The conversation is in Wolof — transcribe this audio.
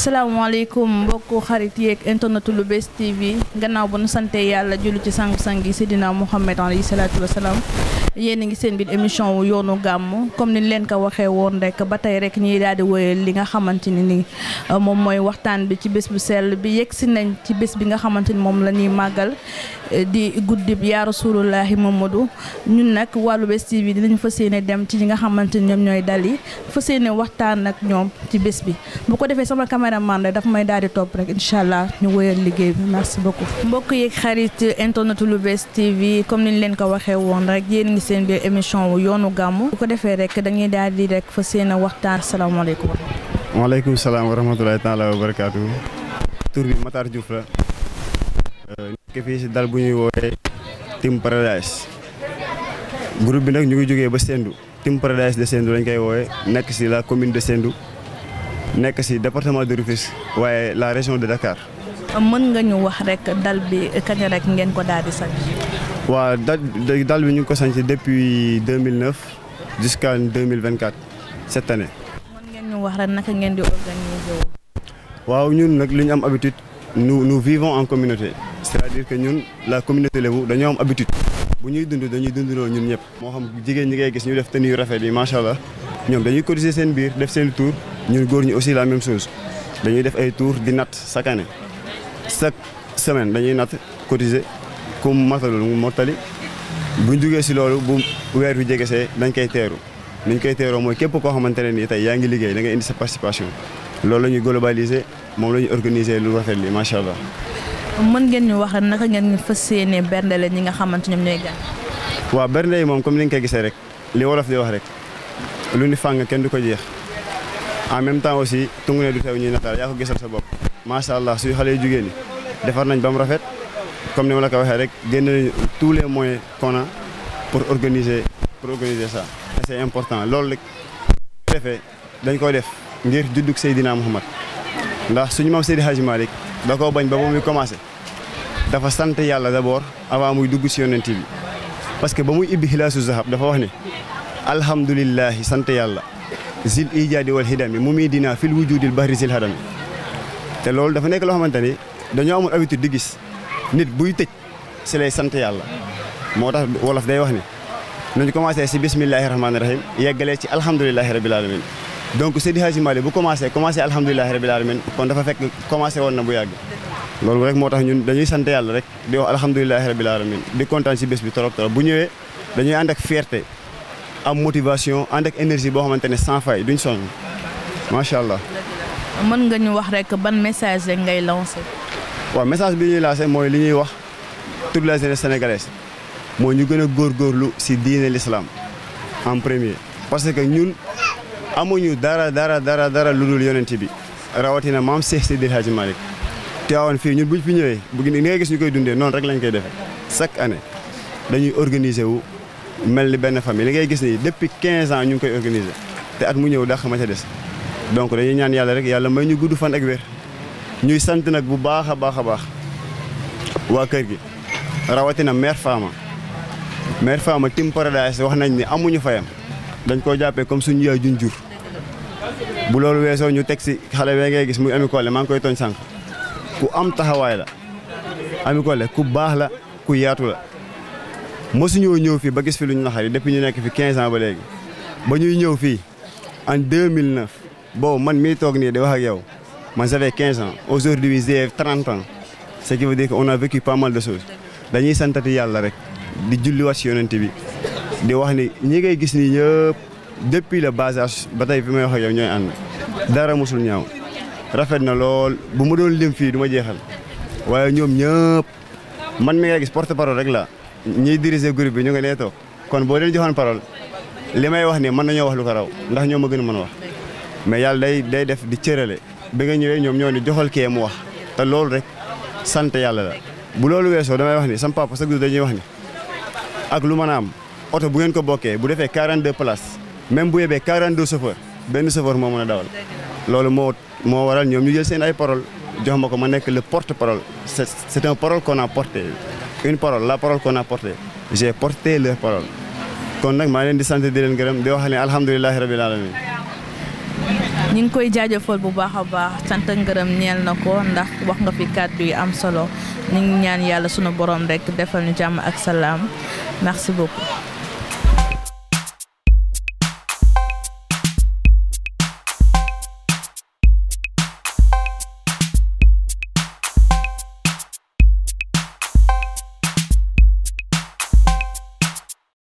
salaamaaleykum mbokku xarit yeeg internetu lu bees TV gannaaw ba nu sante yàlla jullu ci sangu-sang yi Seydina Mouhamed alayhi salaatu salaam yéen a ngi seen biir émission wu yoonu gàmm comme ni leen ko waxee woon rek ba tey rek ñiy daal di wéyal li nga xamante ni ni euh, moom mooy waxtaan bi ci bés bu sell bi yegg si nañ ci bés bi nga xamante ni moom la ñuy màggal euh, di guddi bi yaa rasulullahi Mamadou ñun nag wàllu bés TV dinañ fas yéene dem ci ñi nga xamante ni ñoom ñooy dal yi fas yéene waxtaan ak ñoom ci bés bi bu ko defee sama caméraman la daf may daal di topp rek incha allah ñu wéyal liggéey bi merci beaucoup. mbokk yeeg xarit internet Lou'Bess TV comme ni leen ko waxee woon rek indi seen biir émission yoonu gàmmu bu ko defee rek dañuy daal di rek fa seen waxtaan salaamaaleykum. maaleykum salaam wa rahmatulahi taala wa barakaatu. tur bi Matar Diouf la. Euh, nekk fii si dal bu ñuy woowee Team Paradise. groupe bi nag ñu ngi jógee ba Sendou. Team Paradise de Sendou lañ koy woowee nekk si la commune de Sendou. nekk si département de Rufisque waaye la région de Dakar. mën nga ñu wax rek dal bi kañ rek ngeen ko daal di sañ. waaw dal bi ñu ngi ko sanc depuis 2009 jusqu'à 2024 cette année. mën ngeen ñu wax rek naka ngeen di organiser waaw ñun nag li ñu am habitude nu nous vivons en communauté c'est-à-dire que ñun la communauté Lébu dañoo am habitude bu ñuy dund dañuy dundaloo ñun ñëpp. moo xam jigéen ñi ngay gis ñu def tenue yu rafet yi macha allah ñoom dañuy cotiser seen biir def seen tour ñun góor ñi aussi la même chose dañuy def ay tour di natt chaque année chaque semaine dañuy nat cotiser. ku matalul mu mottali bu jugee si loolu bu weer wi jegesee dañ koy teeru niñ koy teeroo mooy képp koo xamante ne nii tey yaa ngi liggéey da ngay indi sa participation loolu la ñuy globaliser moom la ñuy organiser lu rafet li macha allah. mën ngeen ñu wax naka ngeen fas yéene bernde la ñi nga xamante ñoom ñooy gan. waaw bernde yi moom comme ni nga koy gisee rek li wolof di wax rek lu ni fàng kenn du ko jeex en même temps aussi tungu ne du teew ñuy nataal yaa ko sa bopp macha allah suy xale yu jugee ni defar comme ni ma la ko waxee rek génn nañu tous les moyens qu'on pour organiser pour organiser ça et c'est important loolu rek defee dañ koo def ngir juddug Seydina Muhammad ndax suñu maam Seydi Hadji Malick da koo bañ ba ba muy commencé dafa sant yàlla d'abord avant muy dugg si yonent bi parce que ba muy ibbi xilaasu zahab dafa wax ne alhamdulilahi sant yàlla zil ijaadi wal hidami mu muy dinaa fil wujudil bahri zil hadami te loolu dafa nekk loo xamante nit buy tëj si lay sant yàlla moo tax wolof day wax ni nañu commencé si bismillahi rahmaani rahim yeggalee ci alhamdulilahi rabil alamin donc Seydi Hadji Malick bu commencé commencé alhamdulilahi alamin kon dafa fekk commencé woon na bu yàgg loolu rek moo tax ñun dañuy sant yàlla rek di wax alhamdulilahi rabil alamin di kontaan si bés bi torop torop bu ñëwee dañuy ànd ak fierté am motivation ànd ak énergie boo xamante ne sans faille duñ sonn macha allah. mën waaw message bi ñuy laase mooy li ñuy wax toute la jeunesse sénégalaise mooy ñu gën a lu si diine l'islam en premier. parce que ñun amuñu dara dara dara dara lu dul yonent bi rawatina maam Cheikh Seydi Hadji te Tiwaawan fii ñun bu fi ñëwee bu ni ngay gis ñu koy dundee noonu rek lañ koy defee chaque année dañuy organiser wu mel ni benn famille li ngay gis nii depuis 15 ans ñu ngi koy organiser te at mu ñëw daa xamante des donc dañuy ñaan yàlla rek yàlla may ñu gudd fan ak wér. ñuy sant nag bu baax a baax a baax waa kër gi rawatina mère Fama mère Fama Team Paradise wax nañ ni amuñu fayam dañ koo jàppee comme suñ yaay juñ jur bu loolu weesoo ñu teg si xale bee ngay gis muy Ami Collé maa ngi koy tooñ sànq ku am taxawaay la Ami Collé ku baax la ku yaatu la mosuñoo ñëw fii ba gis fi lu ñu naxari depuis ñu nekk fi 15 ans ba léegi ba ñuy ñëw fii en 2009 boobu man mii toog nii di wax ak yow Moi, j'avais 15 ans. Aujourd'hui, j'ai 30 ans. Ce qui veut dire qu'on a vécu pas mal de choses. dañuy santat yàlla rek di julliwaat si yonent bi di wax ni ñi ngay gis ni ñëpp depuis le bas âge ba tey fi may wax yow ñooy ànd dara mosul ñaaw rafet na lool bu mu doon lim fii du ma jeexal waaye ñoom ñëpp man mi ngay porte parole rek la ñiy diriger groupe bi ñu ngi nee toog kon boo leen joxoon parol li may wax ni mën nañoo wax lu ko raw ndax ñoo ma gën a mën a wax mais yàlla bi nga ñëwee ñoom ñoo ne joxal kee mu wax te loolu rek sant yàlla la bu loolu weesoo damay wax ni sam papa chaque jour dañuy wax ni ak lu mën a am oto bu ngeen ko bokkee bu defee 42 places même bu yebee 42 chauffeur benn chauffeur moo mën a dawal loolu moo moo waral ñoom ñu jël seen ay parole jox ma ko ma nekk le porte parole c'est c'est un parole qu'on porte porté une parole la ko qu'on a porté j'ai porté leur parole kon nag maa leen di sant di leen gërëm di wax ne alhamdulilahi rabil alamin ñu ngi koy jaajëfal bu baax a baax sant ngërëm ñeel na ko ndax wax nga fi kàddu yi am solo ñu ngi ñaan yàlla sunu borom rek defal nu jàmm ak salaam merci beaucoup.